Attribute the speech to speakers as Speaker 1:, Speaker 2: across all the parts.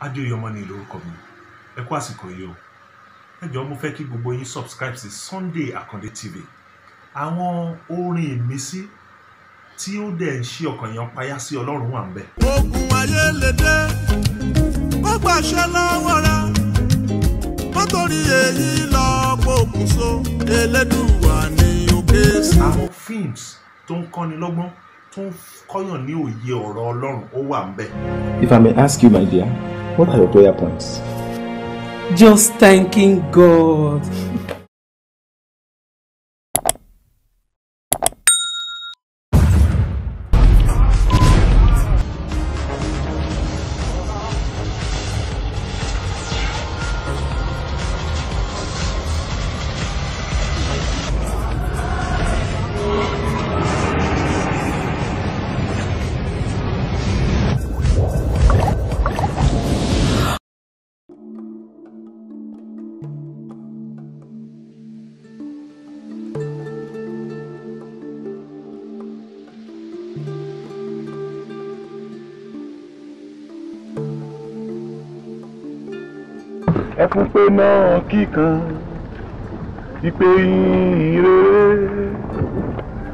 Speaker 1: adéyọmọ ni lórúkọ mi ẹ kú àsìkò yìí o ẹ jọ̀ọ́ mo fẹ́ kí gbogbo yín subscribe sí Sunday Akande TV àwọn orin ìmísí tí ó dẹ̀ ń ṣí ọkàn yẹn payá sí ọlọ́run wà ń bẹ̀. ogun ayé lè dé kó gbàṣẹ lọ́wọ́ rẹ kó torí èyí lọ pokùnso elédùnwà ní òkè sí. àwọn films tó ń kọ́ni lọ́gbọ́n tó ń kọ́yàn ní òye ọ̀rọ̀ ọlọ́run ó wà ń bẹ̀. If I may ask you my dear. What are your prayer points?
Speaker 2: Just thanking God.
Speaker 3: ẹkún pé náà kíkan ìpè ìrere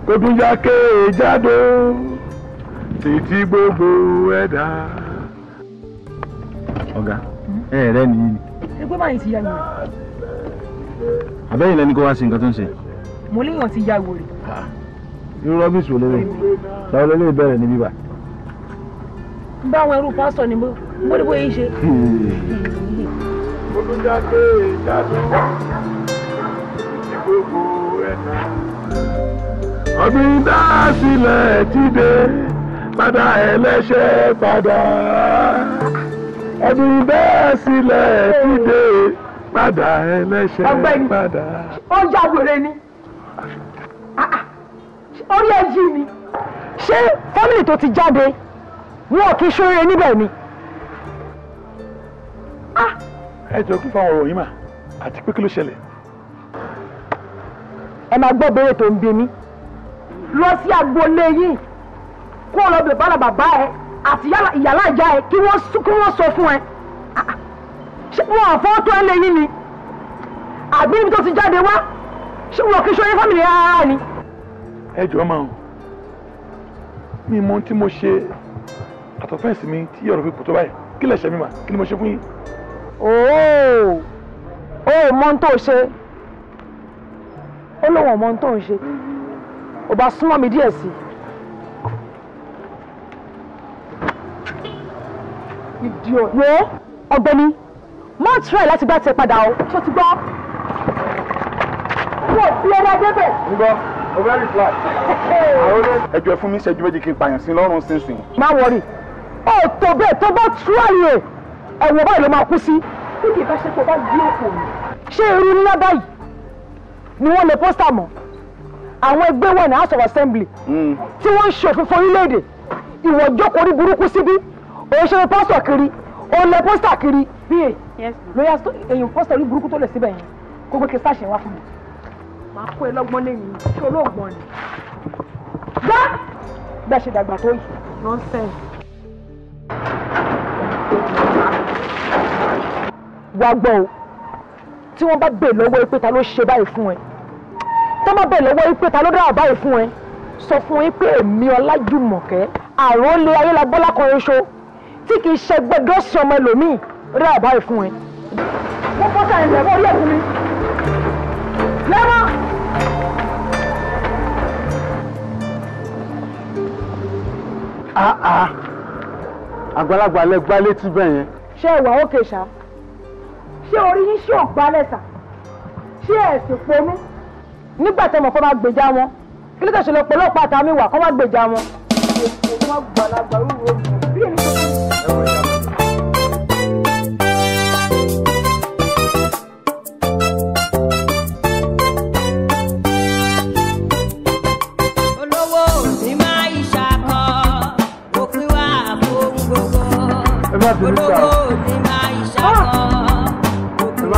Speaker 3: kó tún yá kéèjádó títí gbogbo ẹ̀dá. ọ̀gá ẹ rẹ nìyí ni.
Speaker 1: ẹgbẹ́ báyìí ti ya wèrè.
Speaker 3: àbẹ́yìn lẹni kó wá sí nǹkan tó ń ṣe.
Speaker 1: mo léèyàn ti ya wèrè.
Speaker 3: irú rọ́bìsì wo lélẹ̀
Speaker 4: táwọn lélẹ̀ bẹ̀rẹ̀ níbí bá.
Speaker 1: báwọn ẹrú pásítọ̀ ni mo mo ní bóyá ń ṣe. olùjáde ìjádùn gbogbo ẹ̀dá. ọdún dásílẹ̀ ti dé padà ẹlẹ́ṣẹ̀ padà. ọdún dásílẹ̀ ti dé padà ẹlẹ́ṣẹ̀ padà. ó jáwèrè ni orí ẹjí ni. ṣé fámìlì tó ti jáde wọn kì í ṣoore níbẹ̀ ni. ah ẹ jọ kí fáwọn ọ̀rọ̀ yìí mà àti pé kí ló ṣẹlẹ̀. ẹ máa gbọ́ béèrè tó ń bí mi lọ sí agboolé yìí kó o lọ bèrè bàbá bàbá ẹ àti ìyàlá ìjà ẹ kí wọ́n sọ fún ẹ ṣé wọn àfọwọ́ tó ẹ lẹ́yìn ni àbí níbi tó ti jáde wá ṣé wọn kì í ṣọyẹ fámìlì rárá ni. ẹ jọ máa ń mi tí mo ṣe àtọ̀fẹ́ǹsì mi tí ọ̀rọ̀ fi kù tó báyìí kí lè ṣe mi mà kí ni mo ṣe fún yín ooo o ò mọ ohun tó ṣe ó lóun ò mọ ohun tó ń ṣe ò bá súnmọ́ mi díẹ̀ sí i. wo ọ̀gbẹ́ni má tíráì láti gbá tiẹ̀ padà o tó ti gbọ́. wọ́n ti ọwọ́ débẹ̀. ń gbọ́ ovary flat. ẹjọ́ ẹ fún mi ṣẹ́jú méjì kí n pààyàn sí lọ́rùn sínsìn. má wọrí ó tó bẹ́ẹ̀ tó bá tíráì rẹ̀. E ẹ̀wọ̀n báyìí ló máa kú sí. bí kì í bá ṣe kó bá gbé òkú mi. ṣé irú ńlá báyìí ni wọ́n lè pósítà mọ́ àwọn ẹgbẹ́ wọn ní house of assembly hmm. tí wọ́n ń ṣe òfin fún orílẹ̀-èdè ìwọ jókòó ní burúkú síbí òun ṣe pásítọ̀ kiri òun lè pósítà kiri bí è lóyà èèyàn pósítọ̀ ní burúkú tó lè síbẹ̀ yẹn kó gbé kí sáṣẹ wá fún mi máa kó ẹ lọ́gbọ́n lẹ́yìn ṣé olóògbọ́n ni. gbá bẹ́ẹ̀ dàgbà tó yìí nonsense wá gbọ́ o tí wọ́n bá bẹ̀ lọ́wọ́ pé ta ló ṣe báyìí fún ẹ tó má bẹ̀ lọ́wọ́ pé ta ló dára báyìí fún ẹ sọ fún yín pé èmi Ọlájùmọ̀kẹ́ àròlé ayélagbọ́lá kan ṣoṣo tí kì í ṣe gbẹdọ́sí ọmọ ẹlòmíì dára báyìí fún ẹ. wọ́n fọ́ sáyẹn lẹ́wọ́ orí ẹ̀kún mi lẹ́wọ́.
Speaker 3: Ah, ah. àgbàlagbà lẹ gbá létí bẹ́ẹ̀ yẹn.
Speaker 1: ṣé ẹ wà ó kè ṣá ṣé orí yín ṣé ògbálẹ̀ sà ṣé ẹ̀sìn pomú nígbà tí ọmọ fọ́ máa gbèjà wọn kí ló tẹ̀sán lọ pẹ̀lú ọ̀pá àtàmì wà kọ́ máa gbèjà wọn.
Speaker 5: olówó ni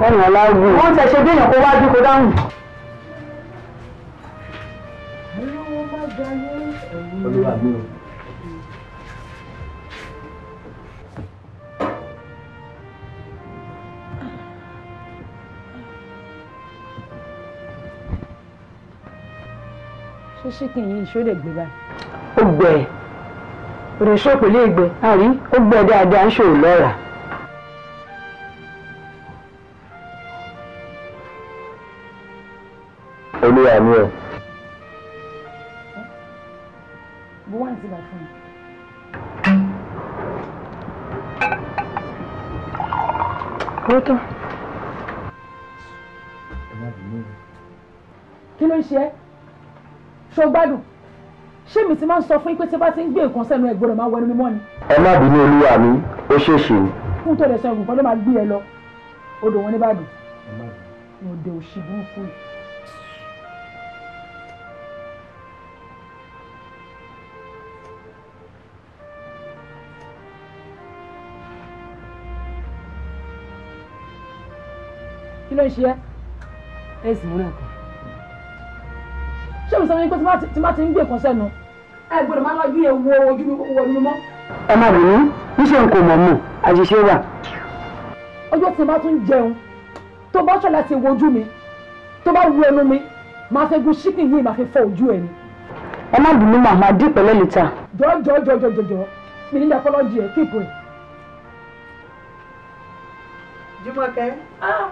Speaker 2: kẹ́yìn aláwù. wọ́n ti ṣe bí èèyàn kó kó dáhùn.
Speaker 1: olúwa mi ò. ṣé ṣíkì yìí lè gbé báyìí. ó gbẹ òrèṣọ́ kò lè gbẹ àrí ó gbẹ dáadáa ń ṣòro lọ́ra. pléyà ni ẹ. bó wà ní ìgbà fún mi. owó tán. kí ló ń ṣe ẹ́ ṣó gbádùn ṣé mi ti máa ń sọ fún yín pé tí bá ti ń gbé nǹkan sẹ́nu ẹ̀ gbọ́dọ̀ máa wọ ẹnu mi mọ́ ni.
Speaker 3: ẹ má bínú olúwa mi ó ṣèṣe.
Speaker 1: fún tó lè sọ ìgbìmọ̀ ló máa gbé ẹ lọ odò wọn ní bàdàn. ọdẹ òṣì burúkú yìí. ló ń ṣe ẹ́ ẹ sì múra ẹ̀kọ́ ṣé mo sọ fún yín pé tí má ti ń gbé nǹkan sẹ́nu ẹ gbọ́dọ̀ má lọ́jú yẹn wo ojú wo mi mọ́.
Speaker 3: ẹ má bínú níṣẹ́ n kò mọ̀ mọ̀ àṣìṣe wà.
Speaker 1: ọjọ́ tí n bá tún jẹun tó bá ṣọlá ti wojú mi tó bá wu ẹnu mi máa fẹ́ gun ṣíkì yìí máa fi fọ ojú ẹ ni. ẹ má bínú mà máa dín pẹ̀lẹ́ lítà. jọjọjọjọjọjọ mi nílẹ̀ fọlọ́jì ẹ̀ kíkọ ẹ̀.
Speaker 5: Jùmọ̀kẹ́. Ah!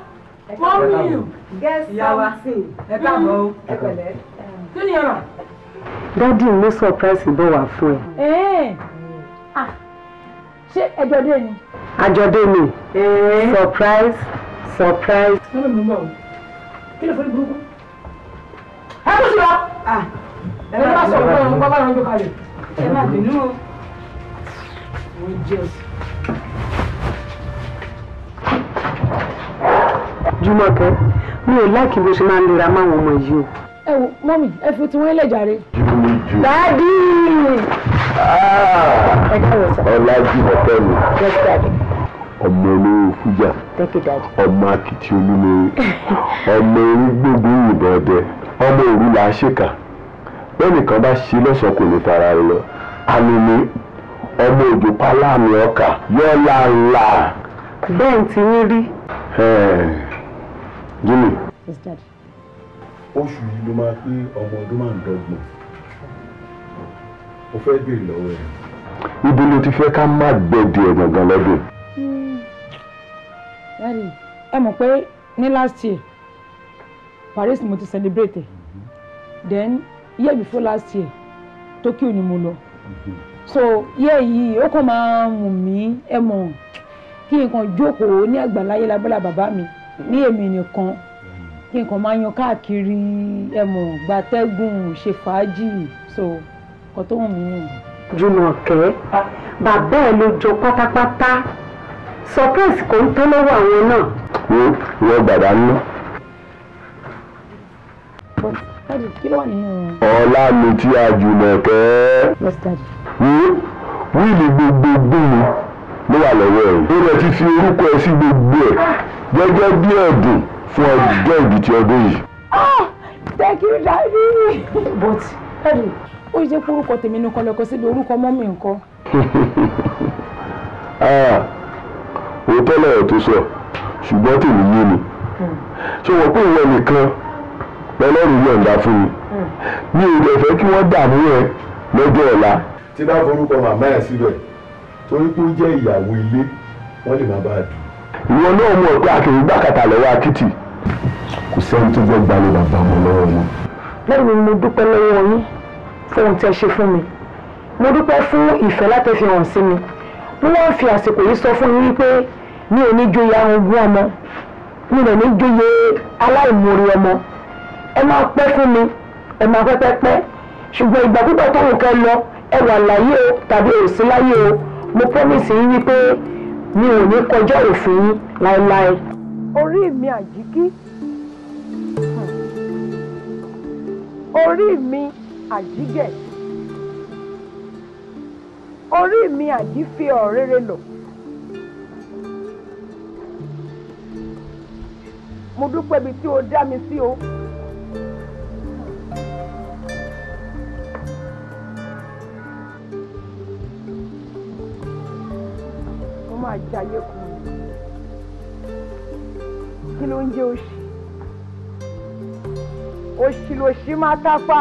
Speaker 5: mọ́mí guest something ẹ káàbọ̀ o
Speaker 1: mm. ẹ pẹ̀lẹ́ mm.
Speaker 5: kí ni ọ̀rọ̀.
Speaker 3: dádì ló sọpráìsì bọ̀ wá fún
Speaker 1: ẹ. ṣé ẹjọ́dé ni.
Speaker 3: àjọ̀dé ni surprise surprise. lọ́nà mi ń bọ̀ o
Speaker 1: kí ló fẹ́ burúkú. ẹ kú sí wa. ẹ bá sọ̀rọ̀ bọ́ọ̀lù bá bá lọ́jọ́ kalẹ̀. ẹ má bínú o.
Speaker 3: Jùmọ̀kẹ́ mi ò láìkí bó ṣe máa ń lera máwọn ọmọ yìí o.
Speaker 1: ẹ wo mọ́mì ẹ fi tiwọn ilé jàre. dádì.
Speaker 3: Ah! ẹ káwọ sá. ọlá Jùmọ̀kẹ́ mi. yes daddy. ọmọ olówó fújà. thank you daddy. ọmọ akitì olúmọ̀ọ́ ọmọ orí gbógun ìbọn ọdẹ ọmọ òru là á ṣèkà bẹ́ẹ̀nìkan bá ṣe lọ́sàn kò lè fara rẹ lọ àlùmí ọmọ òjò pálámì ọkà yọ láńlá. bẹ́ẹ̀ ti ń rí. Jimmy. Yes, Dad. Oṣù yìí ló máa pé ọmọ ọdún máa ń dọ́gbọ̀n. Mo fẹ́ béèrè lọ́wọ́ ẹ̀. Ibi ló ti fẹ́ ká má gbẹ̀dẹ̀ ẹ̀ gangan lọ́dún. Hmm.
Speaker 1: Dádì, ẹ mọ̀ pé ní last year, Paris ni mo ti celebrate. Mm-hmm. Then year before last year, Tokyo ni mo lọ. Mm-hmm. So year yìí, ó kàn máa mú mi ẹ mọ̀ kí nǹkan jókòó ní àgbàláyé lábẹ́là bàbá mi ní èmi nìkan kí nǹkan máa yan káàkiri ẹmọ gbatẹ́gùn ṣe fàájì so nǹkan tó wù mí nìyẹn.
Speaker 3: Jùmọ̀kẹ́ bàbá ẹ̀ ló jọ pátápátá surprise kò ń tó lọ́wọ́ àwọn náà. wo wọ gbàdá ń lọ. ọlá mi tí a Jùmọ̀kẹ́. wíìlì gbogbogbò mi ló wà lọ́wọ́ ẹ̀. ó rẹ ti fi orúkọ ẹ sí gbogbo ẹ̀ gẹ́gẹ́ bí ẹ̀bùn fún ọjọ́ ìbí ti ọdún yìí.
Speaker 1: Ah, thank you daddy. but daddy ó yẹ kó orúkọ tèmi nìkan lọkọ síbi orúkọ mọ́mì nǹkan.
Speaker 3: Ah, òótọ́ lọ́rọ̀ tó sọ ṣùgbọ́n tèmi yé mi ṣé wọ́n pè wọ́n nìkan lọ́lọ́run yọ̀ǹda fún mi mi ò lè fẹ́ kí wọ́n dààmú ẹ lọ́jọ́ ọ̀la. tí bá forúkọ màmá ẹ̀ síbẹ̀ torí pé ó jẹ́ ìyàwó ilé wọ́n lè má bàa dùn ìwọ náà mọ̀ pé a kì í gbàkàtà lọ́wọ́ akitì kò sẹ́ni tó gbọ́ gbalẹ̀ bàbá mọ́ lọ́wọ́ ni. lẹ́yìn mo dúpẹ́ lọ́wọ́ yín fún ohun tí ẹ ṣe fún mi mo dúpẹ́ fún ìfẹ́ láti fi hàn sí mi mo wá fi àsìkò yìí sọ fún yín wípé mi ò ní joyè arúgbó ọmọ mi ò ní joyè aláìmoore ọmọ ẹ máa pẹ́ fún mi ẹ máa pẹ́pẹ́ pẹ́ ṣùgbọ́n ìgbà tó ń kẹ́ lọ ẹ wà láyé o tàbí òsínláyé o mo promise yín wípé mi ò ní kọjá òfin yín láéláé.
Speaker 1: orí mi àjíkí orí mi àjígẹ̀ orí mi àjífi ọ̀rẹ́rẹ́ lọ. mo dúpẹ́ ibi tí o dá mi sí o. máa jayé kù kí ló ń jẹ́ òṣì òṣì lòṣì máa tápà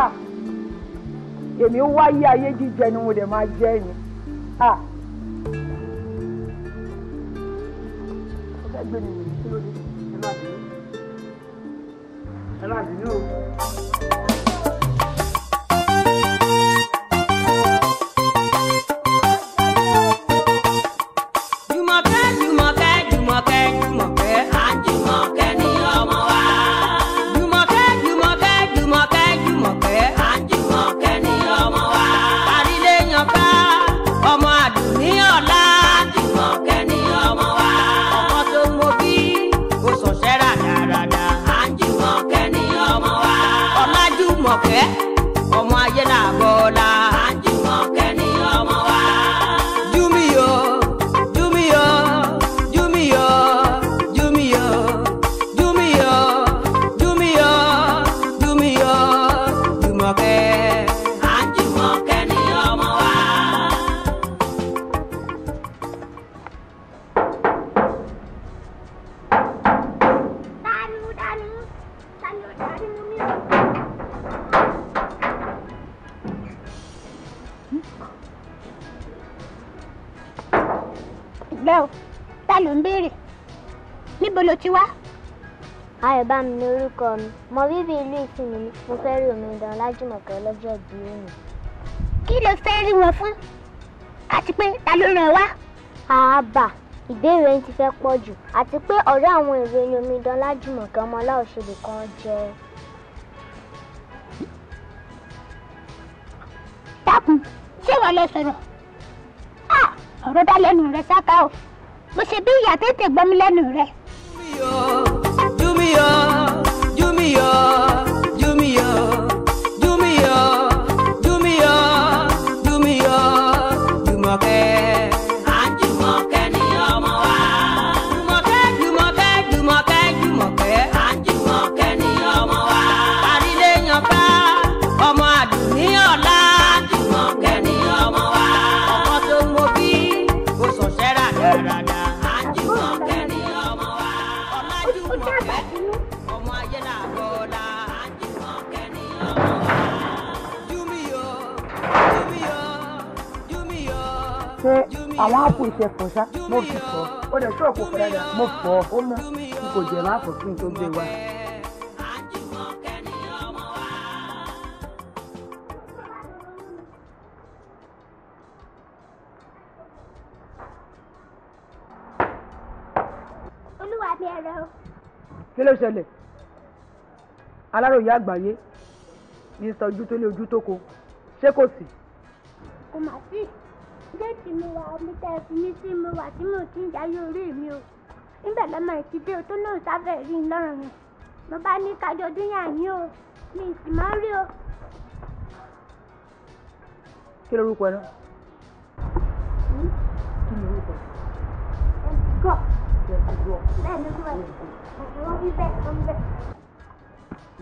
Speaker 1: èmi wáyé ayé jíjẹ ni mo dẹ̀ máa jẹ́ ni à ó fẹ́ mi kí ló dé ẹ láti ní ẹ láti ní o.
Speaker 6: orúkọ mi mọ bíbí ìlú ìsinmi mi mo fẹ́ rí omidan Ọlájùmọ̀kẹ́ ọlọ́jọ́ ìbí òní. kí ló fẹ́ rí wọn fún àti pé ta ló ràn wá. àbà ìbéèrè ń ti fẹ́ pọ̀ jù àti pé ọ̀rẹ́ àwọn èrè ni omidan Ọlájùmọ̀kẹ́ ọmọ láòṣèlú kan jẹ́. dákun ṣé wọn lọ sọ̀rọ̀ ọ̀rọ̀ dá lẹ́nu rẹ ṣáká o mo ṣe bí ìyá tètè
Speaker 7: gbọ́mi lẹ́nu rẹ. júmíọ̀ júmíọ̀. oluyor
Speaker 1: àwọn ápù ìṣẹ̀kùn sá mo fi fọ́ ó dẹ̀ ṣọ́ọ̀pù fẹ́rẹ́ mo fọ́ ó mọ́ n kò jẹ̀ máa fọ́ tó gbé wa. kí ló ṣẹlẹ̀ aláròye àgbáyé ní sọ ojú ṣé kò sí.
Speaker 6: kò mà sí déètì mi wà omi tẹ́ ẹ fi mí sí mi wà tí mo ti ń yáyé orí mi o nígbà lọ́mọ ìtìdé o tó lóun sáfẹ́ rí i lọ́rùn yẹn mo bá ní kájọ dúnyà ní o mi sì máa ń rí o.
Speaker 1: kí lorúkọ ẹ náà. kí ni orúkọ ẹ. gọ bẹ́ẹ̀ ni gọ wọn fi bẹ́ẹ̀ wọn fi bẹ́ẹ̀.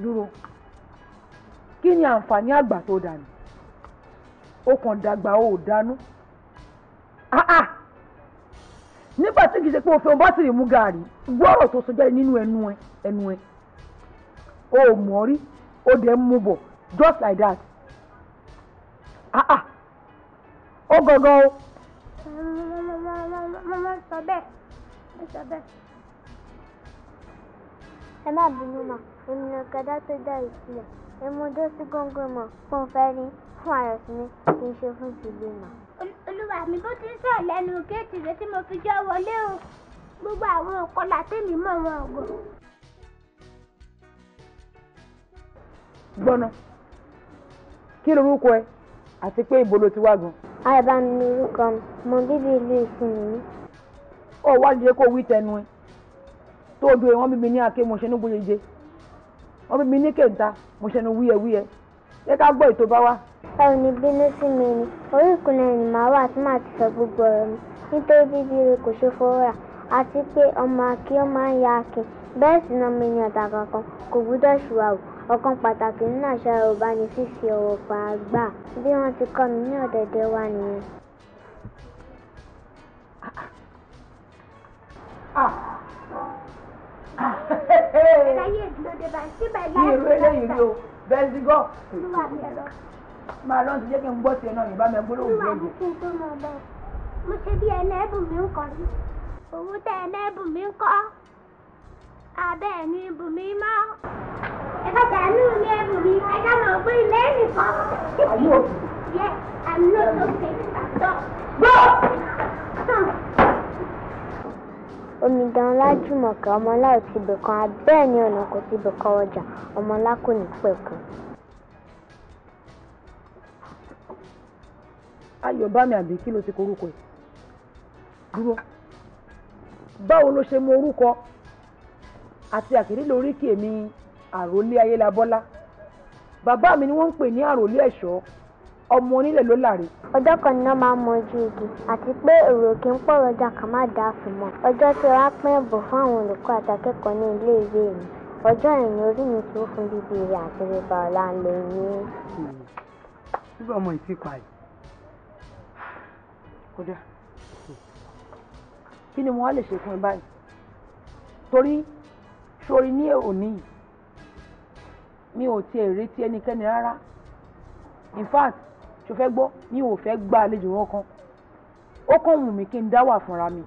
Speaker 1: dúró kí ni àǹfààní àgbà tó dànù ó kàn dàgbà ó dànù. Ah, ah. nígbà tí kì í ṣe pé òfin ọba sì rí mú gàárì gbọ́rọ̀ tó sọjá nínú ẹnu ẹ ẹnu ẹ o ò mọ̀ rí o dẹ̀ ń mú bọ̀ just like that ah, ó gangan o.
Speaker 6: mo máa ń sọ bẹ́ẹ̀ mo sọ bẹ́ẹ̀ ẹ má bínú mà ènìyàn kẹdá tó dá ìsílẹ̀ èmọdé sí góńgó mọ̀ fún fẹ́ẹ́ rí fún àrẹ̀sí ni kì í ṣe fún tìlú mà olúwa mi bó ti ń sọ̀ lẹ́nu géètì rẹ tí mo fi jọ wọlé o gbogbo àwọn ọ̀kọlà tèmi mọ̀ wọn ọ̀gọ̀.
Speaker 1: gbọ́nà kí lorúkọ ẹ àti pé ibo ló ti wá gan. àìbá mi ni orúkọ mi bíbí ìlú ìsinmi mi. ó wá lè kó wí tẹnu ẹ tó o dúró wọn bíbí ní aké mo ṣe ní gbóyeje wọn bíbí ní kèńtà mo ṣe ní wíyẹwíyẹ ṣé ká gbọ́ ètò bá wá ẹ ò ní bínú sí mi ni orí
Speaker 6: ìkúnlẹ̀ ni màá wà tí màá ti sọ gbogbo ọ̀rọ̀ mi nítorí bíbí rẹ kò ṣe fọwọ́ rà àti pé ọmọ akí ó máa ń ya akí bẹ́ẹ̀ sì náà mi ní ọ̀tá kankan kò gbúdọ̀ ṣùwàwù ọ̀kan pàtàkì nínú àṣà Yorùbá ni fífi ọ̀wọ̀ pa àgbà bí wọ́n ti kọ́ mi ní ọ̀dẹ̀dẹ̀ wa nìyẹn. ṣe ìwé lẹ́yìn rí
Speaker 1: o bẹ́ẹ̀ sí gọ́ọ̀ máa lọ sí jẹ́ kí n gbọ́ tiẹ̀ náà yorùbá mi gbólóhùn gbòógùn. nígbà tí mo ṣe bí ẹlẹ́bùn mi ń kọ́
Speaker 6: òun tẹ ẹlẹ́bùn mi ń kọ́ abẹ́ ni ibùn mi mọ́ ẹ̀fọ́jà ní ilé ibùn mi ẹ̀dá mọ̀ pé ilé nìkan. àyè òkè. yẹ àmì ló tó fi
Speaker 1: àtọ. gbọ́.
Speaker 6: Omidan Lájùmọ̀kẹ́ ọmọlá ò ti bìkan abẹ́ẹ̀ ni ọ̀nà kò ti bìkan ọjà ọmọlá kò ní
Speaker 1: pẹ̀kun. ayọ̀ bá mi àbí kí ló ti korúkọ ẹ̀ dúró báwo ló ṣe mọ orúkọ àti àkìrí lórí kì èmi àròlé ayélabọ́lá bàbá mi ni wọ́n ń pè ní àròlé ẹ̀ṣọ́ ọmọ onílẹ̀ ló láre. ọjọ́
Speaker 6: kan ni wọ́n máa ń mọ ojú igi àti pé èrò kì í pọ̀ rọjà kà má dáa fún mọ́. ọjọ́ tí wọ́n pín ẹ̀bùn fún àwọn olùkọ́ àtàkẹ́kọ̀ọ́ ní ilé ìwé mi ọjọ́ ìrìn orí mi tó fún bíbí rẹ̀
Speaker 1: àti rẹ̀ bá ọ̀la ń lè ní. nígbà ọmọ ìtìpa yìí kódà kí ni wọ́n lè ṣe fún ẹ báyìí torí sori ní òní yìí mi ò tiẹ̀ retí ẹnikẹ́ni rárá in fact tó fẹ́ gbọ́ mi ò fẹ́ gba àlejò wọn kan ó kàn wù mí kí n dá fúnra mi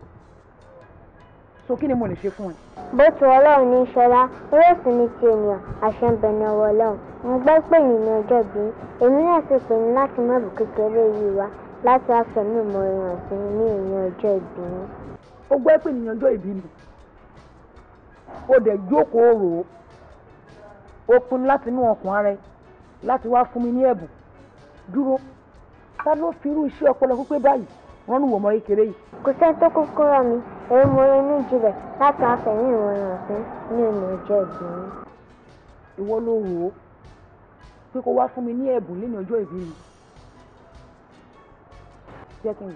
Speaker 1: so
Speaker 6: kí ni mo lè ṣe fún ẹ. bó ti ọlọ́run ní ṣọlá eré sì ni ti ènìyàn àṣẹ ń bẹ ní ọwọ́ ọlọ́run mo gbọ́ pé èyí ni ọjọ́ bí èmi náà sì pè ní láti mọ̀ bù kékeré yìí wá
Speaker 1: láti wá pẹ̀lú ìmọ̀ràn àti ní ìyẹn ọjọ́ ìbí mi. ó gbọ́ pé ìyẹn ọjọ́ ìbí mi ó dẹ̀ jókòó rò ó ó pinnu láti inú ọkàn ara ẹ láti wá fún mi ní ẹ̀bùn dúró ta ló fi irú iṣẹ́ ọpọlọ pípé báyìí wọ́n lù wọ́n mọ́ kékeré yìí. kò sẹ́ni tó kúkú rọ mi èyí mo ronú jinlẹ̀
Speaker 6: láti wá pẹ̀lú ìmọ̀ràn àti ní ìyẹn ọjọ́ ìbí mi. ìwọ ló rò ó
Speaker 1: pé kó wá fún mi ní ẹ̀bùn lẹ́yìn ọjọ́ ìbí mi jẹ́ kí n.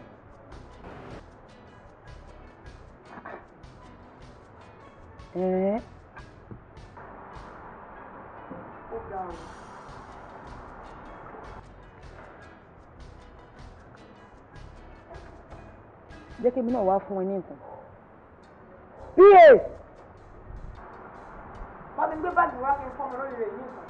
Speaker 1: ẹ̀ẹ́. ó ga o. jẹ́ kí èmi náà wá fún ẹ ní nǹkan. pa. bámi gbé báàgì wá kí n fọ́ mi lórí rẹ̀ ní nǹkan.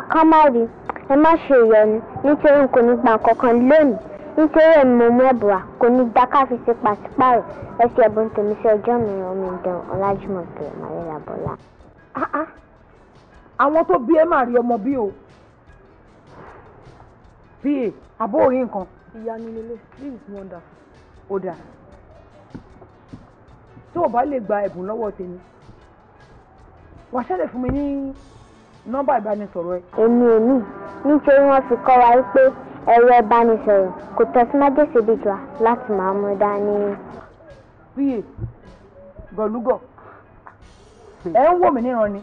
Speaker 6: a kàn má rí ẹ má ṣe ìyọnu nítorí n kò ní gbà kankan lónìí nítorí ẹ̀mọ́ mú ẹ̀bùrà kò ní dáká fi ṣe pàṣípààrọ̀ ẹ fi ẹ̀bùn tèmi sí ọjọ́ mìíràn omi dán ọlájúmọ̀ pé màríyà bọ́lá. àwọn tó bí ẹ máa
Speaker 1: rí ọmọ bí o bí e àbó orí nǹkan. ìyanu lele this is wonderful. ó dà tó o bá lè gba ẹ̀bùn lọ́wọ́ tèmi wàá ṣẹlẹ̀ fún mi ní nọ́mbà ìbánisọ̀rọ̀ ẹ. èmi ò ní nítorí wọ́n fi kọ́ wa pé ẹ̀rọ ìbánisọ̀rọ̀ kò
Speaker 6: tẹ̀síwájú síbi jù láti máa mú dání. bíyè
Speaker 1: gọ̀lúgọ̀ ẹ̀ ń wò mí níran ni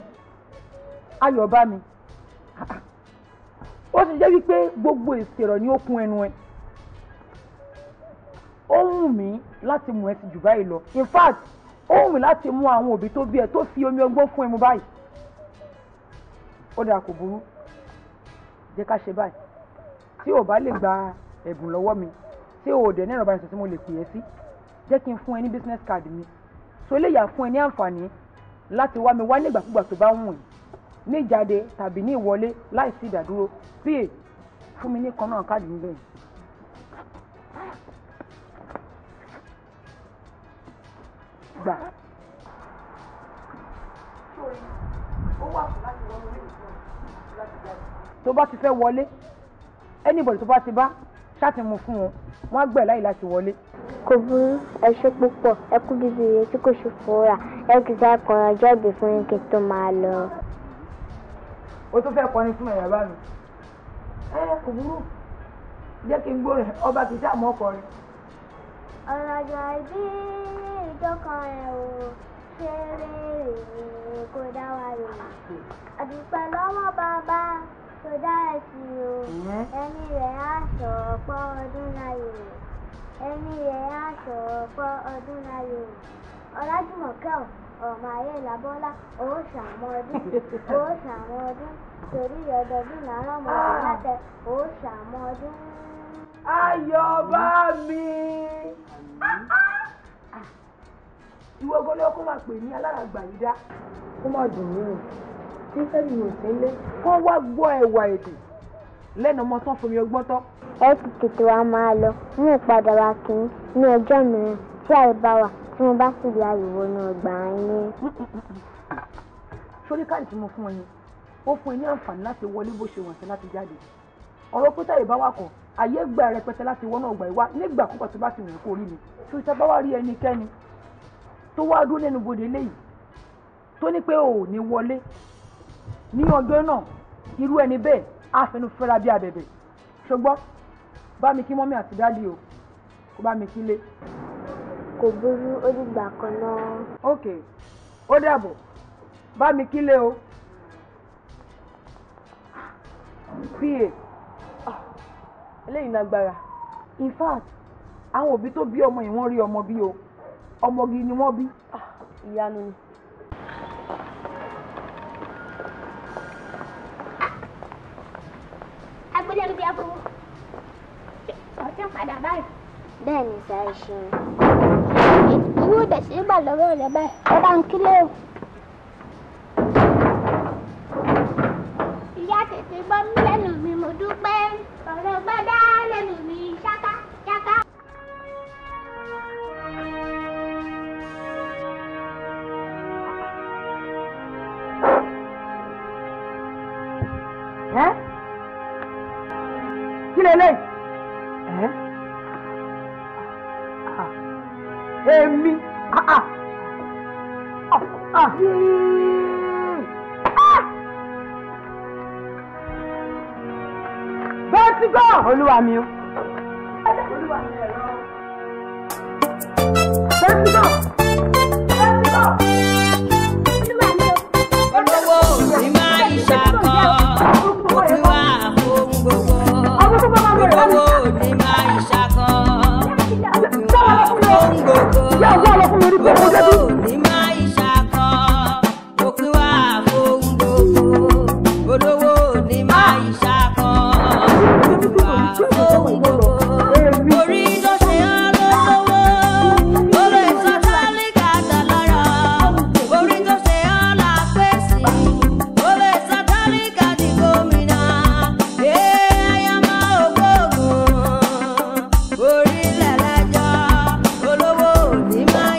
Speaker 1: ayọ̀ bá mi ó ti jẹ́ wípé gbogbo ìṣèrọ̀ ni ó kún ẹnu ẹ̀ ó wù mí láti mú ẹ ti jù báyìí lọ in fact ó wù mí láti mú àwọn òbí tó bí ẹ tó fi omi ọgbọ́n fún ẹ mu báyìí ó dáa kò burú jẹ́ ká ṣe báyìí tí ò bá lè gba ẹ̀bùn lọ́wọ́ mi tí ò dẹ̀ ní ẹ̀rọ ìbánisọ̀ tí mo lè pè é sí jẹ́ kí n fún ẹ ní business card mi so eléyìí á fún ẹ ní àǹfààní láti wá mi wá nígbàkúgbà tó bá ń wù ẹ́ ní ìjáde tàbí ní ìwọlé láì sí ìdádúró pa fún mi ní kan náà káàdì níbẹ̀ yìí. gbà. tó bá ti fẹ́ wọlé anybody tó bá ti bá ṣáàtì mu fún wọn wọn á gbẹ̀ láyè láti wọlé. kò burú ẹ ṣe púpọ̀ ẹ kú bíbí iye tí kò ṣe
Speaker 6: fòórà ẹ kì í sá kọrin ọjọ́ ìbí fún yín kí n tó máa lọ.
Speaker 1: o tún fẹ́ kọrin fún ẹ̀yà bá mi. ẹ kò burú jẹ́ kí n gbórin ọba kì í sáà mọ́ kọrin.
Speaker 6: ọ̀rọ̀ ọjọ́ ìbí ìjọkan ẹ̀ o ṣeré rèé kó dá wa rèé àdúpẹ́ lọ́wọ́ bàbá kò dára sí o ẹni rẹ̀ á sọ ọ̀pọ̀ ọdún láyé rẹ̀ ẹni rẹ̀ á sọ ọ̀pọ̀ ọdún láyé rẹ̀ ọ̀làjùmọ̀kẹ́ ọ̀ ọmọ ayé làbọ́lá ó ṣàmọ́dún ó ṣàmọ́dún torí ọdọọdún làárọ̀ mọ́tò látẹ ó ṣàmọ́dún.
Speaker 1: ayọ̀ bá mi ìwọ gbọ́dọ̀ kó máa pè ní alára gbàyídá kó má dùn mí o tí fẹ́mi ò sí lé kán wá gbọ́ ẹ̀wà èdè lẹ́nu ọmọ tán fomi ọgbọ́n tán. ẹ ti tètè wá máa lọ
Speaker 6: ní ìpadà wa kìíní ní ọjọ́ mìíràn tí àì bá wà tí mo bá sì di àyèwò ní ọgbà
Speaker 1: yín. sórí káàdì tí mo fún ọ yẹn ó fún ẹ ní àǹfààní láti wọlé bó ṣe wọ̀n sí láti jáde ọ̀rọ̀ pété àyè bá wà kọ̀ àyè gba rẹpẹtẹ láti wọnú ọgbà ìwá nígbàkúgbà tó bá ti wù kó rí mi sórí tá bá wá rí ẹnikẹ́ni tó wá dún lẹ́nu bodè léyìí tó ní pé ò ní wọlé ní Ondo náà irú ẹni bẹ́ẹ̀ á fẹnu fẹ́ra bí abẹ̀bẹ̀ ṣùgbọ́n bá mi kí mọ́mí àti dáàdi o kó bá mi kí lé. kò burú ó dìgbà kan náà. ok ó dàbọ̀ bá mi kí lé o. pa ah, eléyìí lágbára in fact àwọn òbí tó bí ọmọ yìí wọ́n rí ọmọ bí o ọmọ gidi ni wọ́n bí. Ah, ìyanu ni.
Speaker 6: chứ không phải đằng đây Then say she It's true that she was the one that I don't kill you Giá trị tí bấm lên dạ, nửa mì một bên Còn ba đa lên nửa mì xa ca
Speaker 2: Cha ca
Speaker 1: Hả? Cái lên èmi. bẹ́ẹ̀ ti gbọ́ olúwa mi o.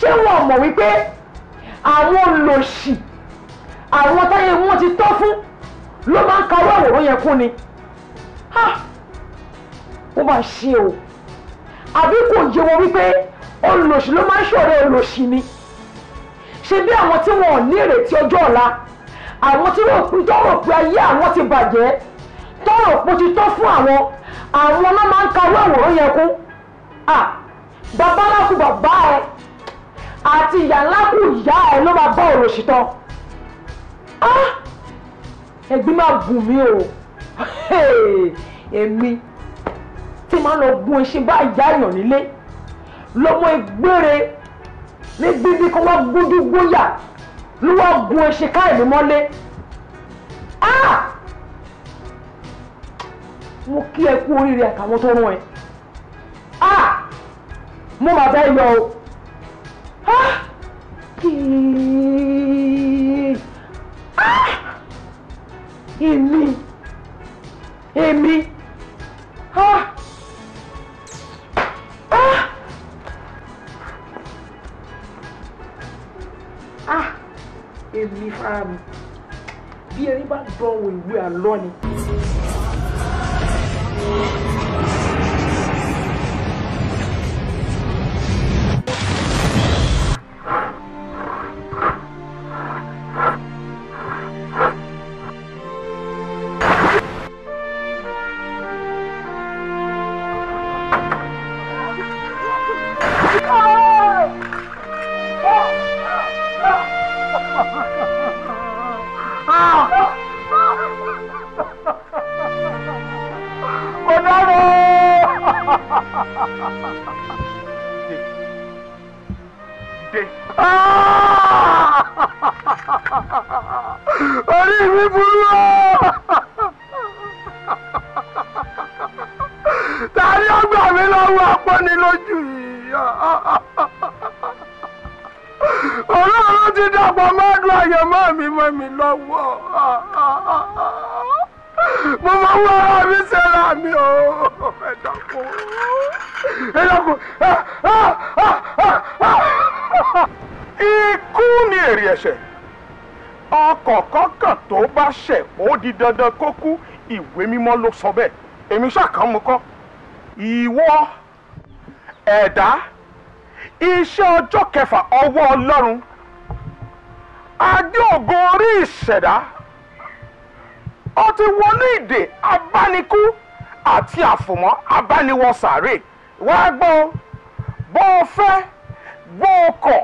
Speaker 1: ṣé wọn mọ̀ wípé àwọn olòṣì àwọn táyé wọn ti tọ́ fún ló máa ń kawọ́ àwòrán yẹn kún ni ó máa ṣe o àbí kò yé wọn wípé olòṣì ló máa ń ṣọ̀rẹ́ olòṣì ni ṣe bí àwọn tí wọn ò ní ìrètí ọjọ́ ọ̀la àwọn tí wọn pin tọrọ pé ayé àwọn ti bàjẹ́ tọrọ pé ti tọ́ fún àwọn àwọn náà máa ń kawọ́ àwòrán yẹn kún babaláwo bàbá ẹ àti ìyá ńlá kù ìyá ẹ ló máa bá òròṣì tán ẹgbẹ́ máa gùn mí o èmi tí máa lọ gun ẹṣin bá ìyá èèyàn nílé lọmọ ìgbére ní gbígbí kó wọ́n gbójú gbóyà ló wọ́n gun ẹṣin ká èmi mọ́lé mo kí ẹ kú oríire àtàwọn tó rún ẹ mo mà bẹ́ẹ̀ yọ o èmi èmi èmi fara mi bí erin bá dán òwe àlọ́ ni.
Speaker 2: orí mi burú o tàbí ọgbà mi lọ́wọ́ apọ́ni
Speaker 1: lójú yìí olóòrùn ti dàpọ̀ mọ́dún àyẹ̀mọ́ mi mọ́ mi lọ́wọ́
Speaker 2: mo máa ń wọ ara mi sẹ́ra mi o ẹ lọ́kùn
Speaker 1: ikú ni èrè ẹ̀ṣẹ̀ ọkọ̀ kọ́kàn tó bá ṣẹ̀ ó di dandan kó kú ìwé mímọ́ ló sọ bẹ́ẹ̀ èmi ṣàkàn mu kọ́ ìwọ ẹ̀dá iṣẹ́ ọjọ́ kẹfà ọwọ́ ọlọ́run adé ògo orí ìṣẹ̀dá ó ti wọnú ìdè abánikú àti àfòmọ́ abániwọ̀sàrè wá gbọ́ o bó o fẹ́ bó o kọ̀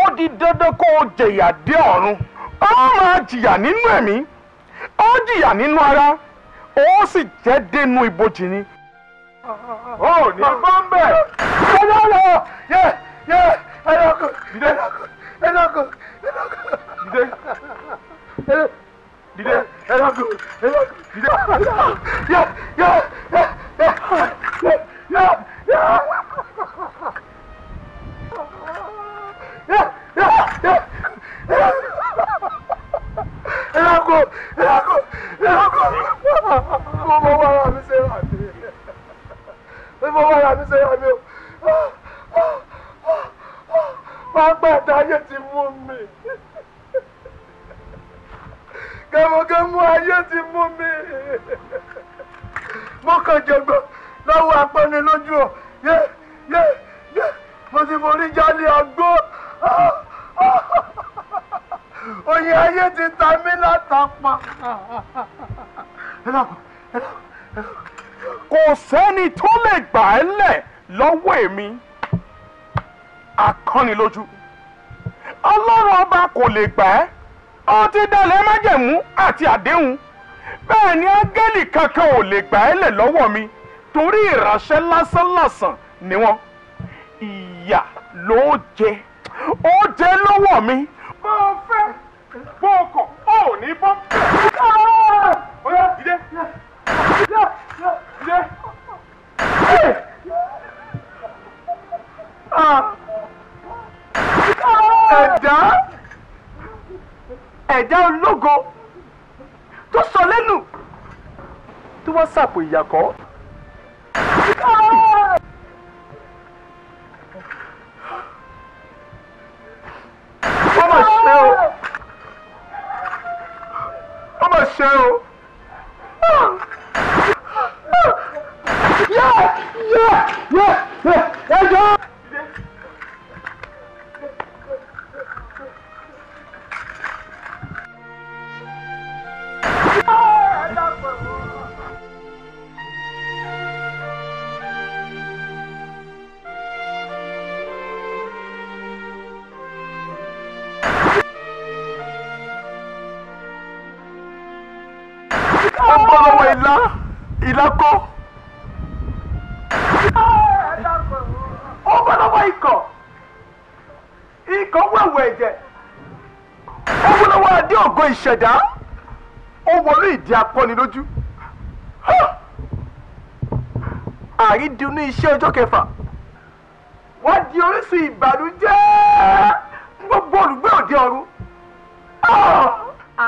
Speaker 1: ó di dandan kó o jẹ̀yà dé ọ̀run ó máa jìyà nínú ẹ̀mí ó nínú ara ó sì jẹ́ dénú ibojì ni.
Speaker 2: ó ní bọ́m̀bẹ̀. ẹ lọ ya, ya, ẹranko
Speaker 1: mo mọ wàrà mi ṣe rà mí mo mọ wàrà mi ṣe rà mí o pápá àtàyè ti mú mi gàmùgàmù ayé ti mú mi mo kàn jọgbọ́n lọ́wọ́ apẹ́nilójú o yé yé yé mo ti forí jáde àgbo oyin ayé ti ta mí látàpá. kò sẹ́ni tó lè gbà ẹ́ lẹ̀ lọ́wọ́ èmi akọ́nilójú ọlọ́run ọba kò lè gbà ẹ́ ó ti dalẹ̀ májẹ̀mú àti àdéhùn bẹ́ẹ̀ ni áńgẹ́lì kankan ò lè gbà ẹ́ lẹ̀ lọ́wọ́ mi torí ìránṣẹ́ lásánlàsàn ni wọ́n ìyà ló jẹ ó jẹ lọ́wọ́ mi bó o fẹ́ bó o kọ̀ ó ò ní bọ́. ó yá ìdè ìdè
Speaker 2: ìdè. ẹ̀dá
Speaker 1: ẹ̀dá ológo tó sọ lẹ́nu tó wá sàpò ìyàkọ́.
Speaker 2: Ah. Yeah! Yeah! Yeah! Yeah!
Speaker 1: ó ń bọ́ lọ́wọ́ ilá ilá kọ́ ó ń bọ́ lọ́wọ́ ikọ̀ ikọ̀ wẹ̀wẹ̀ ẹ̀jẹ̀ ó ń bọ́ lọ́wọ́ adé ògo ìṣẹ̀dá ó wọlé ìdí akọnilójú àrídìní iṣẹ́ ọjọ́ kẹfà wọ́n di orísun ìbànújẹ́ gbogbo olùgbé òde ọ̀run.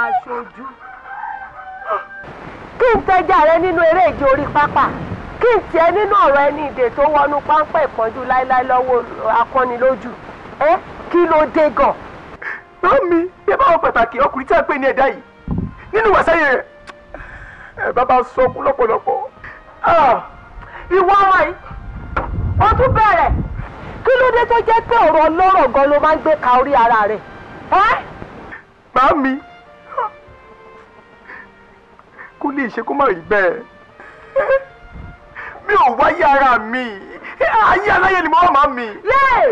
Speaker 1: aṣojú kí n tẹja rẹ nínú eré ìje orí pápá kí n tiẹ̀ nínú ọ̀rọ̀ ẹni ìdè tó wọnú páńpẹ́ ìpọ́njú láéláé lọ́wọ́ akọ́nilójú ẹ kí ló dé gan. bámi bí ẹ bá wọn pàtàkì ọkùnrin tí a pè ní ẹ̀dá yìí nínú wàsáyé rẹ ẹ bá bá sọkún lọ́pọ̀lọpọ̀. ìwọ ọmọ yìí ó tún bẹ̀rẹ̀ kí ló dé tó jẹ́ pé ọ̀rọ̀ ọlọ́rọ̀ gan ló máa ń gbé ka orí ara rẹ̀. bámi kó lè ṣe kó má rí bẹ́ẹ̀ mi ò wáyé ara mi ayé aláyé ni mo wà máa mi. yéè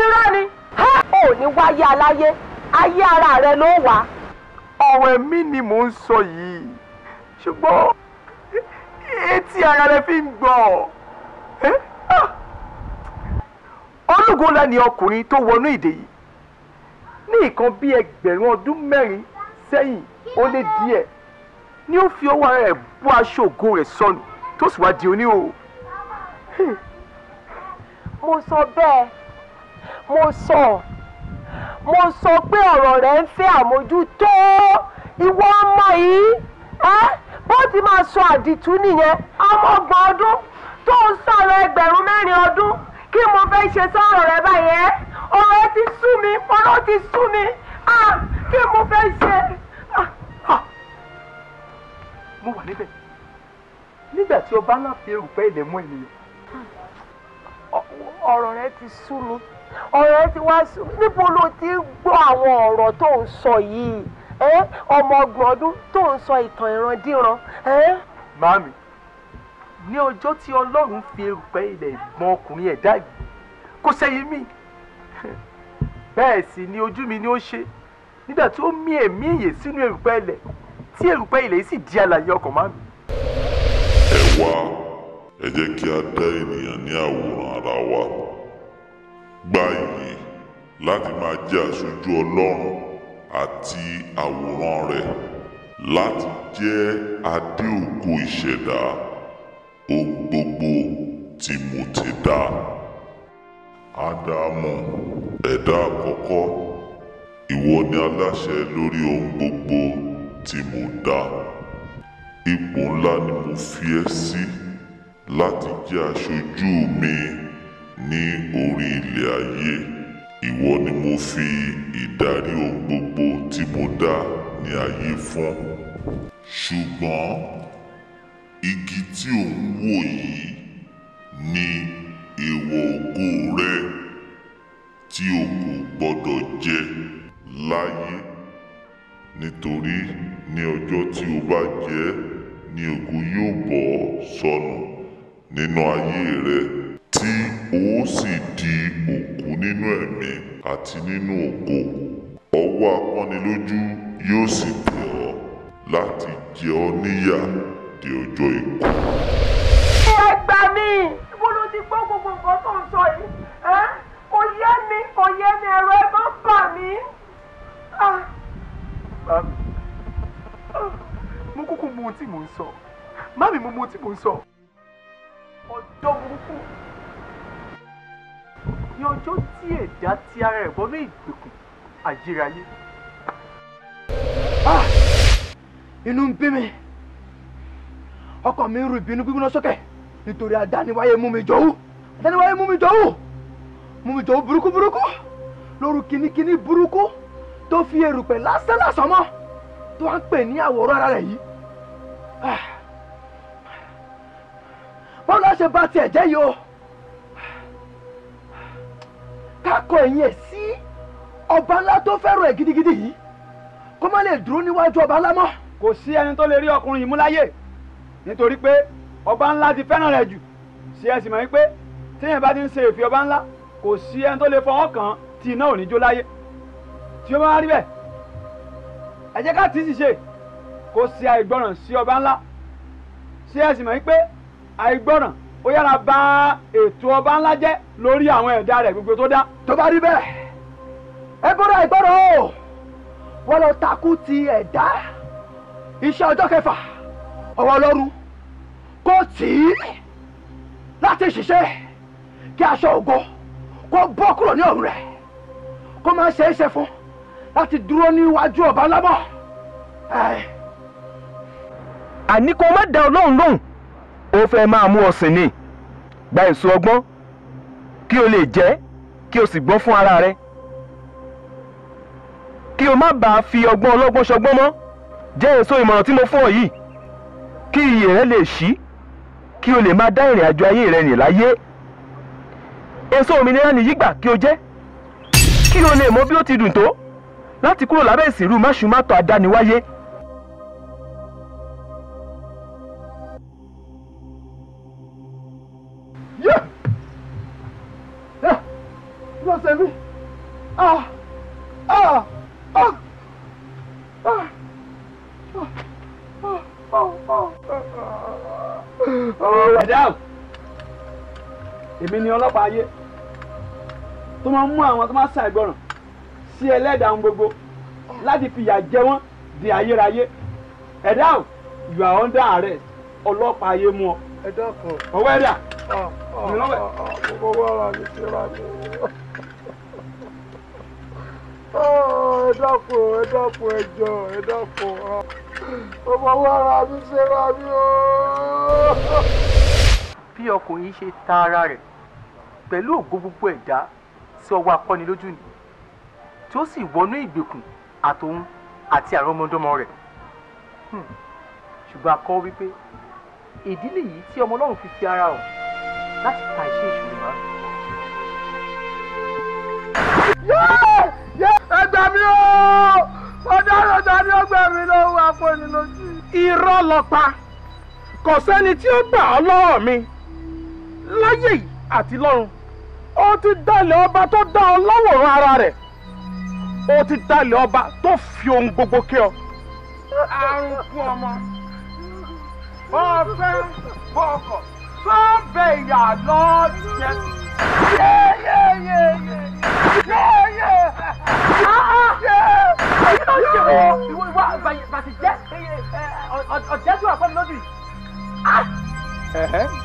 Speaker 1: irọ́ ni ò ní wáyé aláyé ayé ara rẹ ló wà. ọ̀rọ̀ ẹ̀mí ni mò ń sọ yìí ṣùgbọ́n etí ara rẹ fi ń gbọ́ olùgùn la ni ọkùnrin tó wọnú ìdè yìí ní nǹkan bíi ẹgbẹ̀rún ọdún mẹ́rin sẹ́yìn ó lé díẹ̀ ni ó fi ọwọ́ ara ẹ̀ bú aṣọ ògo rẹ̀ sọnù tó sì wáá di oníhò. Hmm. mo sọ bẹ́ẹ̀ mo sọ mo sọ pé ọ̀rọ̀ rẹ̀ ń fẹ́ àmójútó ìwọ ọmọ yìí bó ti máa sọ àdìtú nìyẹn ọmọ ọgbọ̀n ọdún tó ń sọ̀rọ̀ ẹgbẹ̀rún mẹ́rin ọdún kí mo fẹ́ ṣe sọ̀rọ̀ rẹ báyẹn ọ̀rọ̀ ti sú mi ọ̀rọ̀ ti sú mi ah, kí mo fẹ́ ṣe mo wà níbẹ̀ nígbà tí ọba ńlá fi erùpẹ̀ ilẹ̀ mú ènìyàn. ọ̀rọ̀ rẹ ti sú mi ọ̀rọ̀ rẹ ti wá sú mi níbo ló ti gbọ́ àwọn ọ̀rọ̀ tó ń sọ yìí ọmọ ọgbọ̀n ọdún tó ń sọ ìtàn ìrandíran. màámi ní ọjọ́ tí ọlọ́run fi erùpẹ̀ ilẹ̀ mọ ọkùnrin ẹ̀dá yìí kò sẹ́yìn mi bẹ́ẹ̀ sì ni ojú mi ni ó ṣe nígbà tí ó mí ẹ̀mí ìyè sínú erùpẹ̀ ilẹ̀ tí erùpẹ̀ ilẹ̀ yìí sì di àlàyé ọkàn má mi.
Speaker 4: ẹ wá ẹ jẹ́ kí a dá ènìyàn ní àwòrán ara wa gba ìyìn láti máa jẹ́ aṣojú ọlọ́run àti àwòrán rẹ̀ láti jẹ́ adé ògo ìṣẹ̀dá ohun gbogbo tí mo ti dá. Ádámù ẹ̀dá àkọ́kọ́ ìwọ ni aláṣẹ lórí ohun gbogbo tí mo dá ipò ńlá ni mo fi ẹ́ sí láti jẹ́ aṣojú mi ní orí ilẹ̀ ayé ìwọ ni mo fi ìdarí ohun gbogbo tí mo dá ní ayé fún ṣùgbọ́n igi tí ò ń wò yìí ni èèwọ̀ ògo rẹ tí o kò gbọdọ̀ jẹ láyé nítorí ní ọjọ́ tí o bá jẹ ẹ́ ni ògo yóò bọ́ ọ sọnù nínú ayé rẹ tí o sì di òkú nínú ẹ̀mí àti nínú ògo ọwọ́ apọ́nilójú yóò sì tẹ̀ ọ́ láti jẹ ọ́ níyà di ọjọ́ ikú.
Speaker 1: ẹ gbà mí mo ló ti gbọ́ gbogbo nǹkan tó ń sọ yìí kò yé mi kò yé mi ẹ̀rọ ẹ̀ bá bà mí. Ah! mami um, um, mo kúkú mu ohun tí mò ń sọ mami mo mu ohun tí mò ń sọ ọjọ́ burúkú ní ọjọ́ tí ẹ̀dá ti ara ẹ̀ bọ́nú ìgbèkùn àjíráyé. Ah! inú ń bí mi ọkọ mi ń ru ìbínú gbígbóná sókè nítorí adániwáyé mú mi jọ̀wọ́ adániwáyé mú mi jọ̀wọ́ mú mi jọ̀wọ́ burúkú burúkú lóru burúkú tó fi erùpẹ̀ lásán lásán mọ́ tó wá ń pè ní àwòrán ara rẹ̀ yìí. Ah. bọ́lá ṣe bá tiẹ̀ jẹ́ yìí o kákọ ẹ̀yìn ẹ̀ sí ọba ńlá tó fẹ́ràn ẹ̀ gidigidi yìí kó má lè dúró níwájú ọba ńlá mọ́. kò sí ẹni tó lè rí ọkùnrin yìí mú láyè nítorí pé ọba ńlá ti fẹ́ràn rẹ̀ jù sí ẹ sì mọ̀ wípé téèyàn bá ti ń ṣe èéfì ọba ńlá kò sí ẹni tó lè fọwọ́ kàn án tí iná ò ní jó láyé tí ó máa rí bẹ́ẹ̀ ẹ jẹ́ ká tì í sì ṣe kó ṣe àìgbọràn sí ọba ńlá ṣé ẹ sì mọ̀ wípé àìgbọràn ó yára bà ètò ọba ńlá jẹ́ lórí àwọn ẹ̀dá rẹ̀ gbogbo tó dá. tó bá rí bẹ́ẹ̀ ẹ gbọ́dọ̀ àìgbọràn o wọ́n lọ takú ti ẹ̀dá iṣẹ́ ọjọ́ kẹfà ọwọ́ lọ́rùn kó tì í láti ṣiṣẹ́ kí aṣọ ògo kó bọ́ kúrò ní ọ̀run rẹ̀ kó máa ṣe é ṣe fún un láti dúró níwájú ọba lábọ̀. àní kó má da ọlọ́run lóhùn ó fẹ́ máa mú ọ̀sìn ni gba
Speaker 3: èso ọgbọ́n kí o lè jẹ́ kí o sì gbọ́n fún ara rẹ kí o má bàa fi ọgbọ́n ọlọ́gbọ́n ṣọgbọ́n mọ́ jẹ́ èso ìmọ̀ràn tí mo fún ọ
Speaker 1: yìí kí iyè rẹ lè ṣí kí o lè máa dá ìrìn àjò ayé rẹ nì láyé èso òmìnira nìyí gbà kí o jẹ́ kí o lè mọ bí ó ti dùn tó láti kúrò lábẹ́ ìsìnrú máṣúmátọ̀ adániwáyé èmi ni ọlọ́pàá ayé tó máa ń mú àwọn tó máa ń ṣàìgbọràn sí ẹlẹ́dàá gbogbo láti fìyà jẹ wọ́n di ayérayé ẹ̀dáhùn you are under arrest ọlọ́pàá ayé mú ọ. ẹ dákun. ọwọ́ ẹ dà. ìrànwẹ́. owó ara mi ti ra mi. ẹ dákun ẹ dákun ẹ jọ ẹ dákun owó ara mi ti ra mi o. bí ọkùnrin ṣe ta ara rẹ̀ pẹ̀lú ògo gbogbo ẹ̀dá sí ọwọ́ akọ́nilójú ni tí ó sì wọnú ìgbèkùn àtòun àti àwọn ọmọdọ́mọ rẹ̀ hmm. ṣùgbọ́n a kọ́ wípé ìdí nìyí tí ọmọ ọlọ́run fi fi ara hàn láti ta iṣẹ́ ìṣòro máa. ẹ gbà mí o ọ̀daràn tani ó gbà mí lọ́wọ́ àpò ìnìlójú. irọ́ ló pa kò sẹ́ni tí ó gbà ọ́ lọ́wọ́ mi láyé àti lọ́run ó ti dalẹ̀ ọba tó dá ọ lọ́wọ́rùn ara rẹ̀ ó ti dalẹ̀ ọba tó fi ohun gbogbo kí ọ. àrùn kú ọmọ ọfẹ bọkọ sọbẹ ìyá lọ jẹ.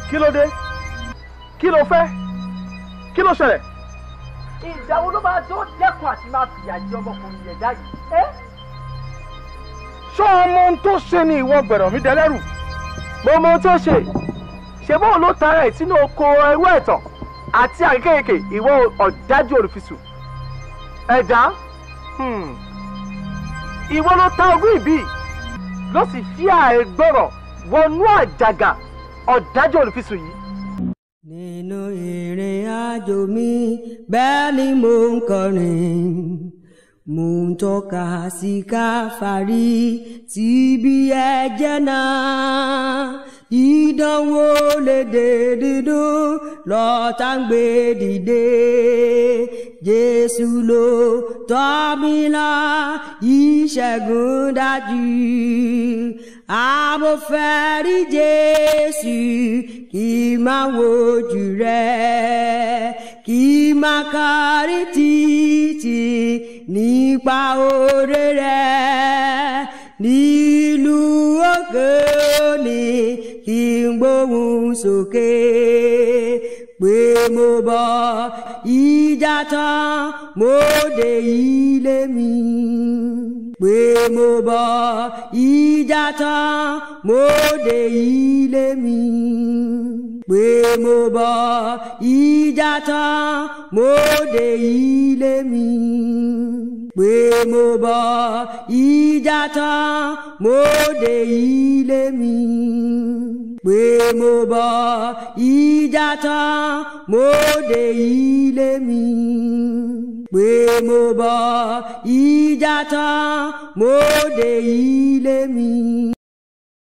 Speaker 1: kí ló dé kí ló fẹ́ kí ló ṣẹlẹ̀ ìjà wo ló máa tó dẹ́kun àti máa fìyà jẹ ọmọkùnrin yẹn dá yìí. ṣé ọmọ ohun tó ṣe ni ìwọ gbẹ̀rọ̀ mi dẹlẹ́rù mo mọ ohun tó ṣe ṣe bóun ló tara ẹ̀ sínú oko ẹrú ẹ̀tàn àti àkékèké ìwọ ọ̀dájú olùfisù ẹ̀dá hmm, ìwọ ló ta ogún ìbí ló sì fi àìgbọràn wọnú àjàgà ọ̀dájú olùfisù yìí
Speaker 5: nínú ìrìn àjò mi bẹ́ẹ̀ ni mo ń kọrin mo ń tọ́ka sí káfárí síbi ẹ̀jẹ̀ náà ìdánwò lédè dídùn lọ́tà ń gbé dìde jésù ló tọ́ mi lọ ìṣẹ́gun dájú a mo fẹ́ rí Jésù kí má wojú rẹ̀ kí má kárí títì nípa oore rẹ̀ nílùú òkè òní kí n gbóhùn sókè pé mo bọ ìjà tán mo dé ilé mi. pé mo bọ ìjà tán mo dé ilé mi pé mo bọ ìjà tán mo dé ilé mi. pé mo bọ ìjà tán mo dé ilé mi. pé mo bọ ìjà tán mo dé ilé mi. pé mo bọ ìjà tán mo dé ilé mi.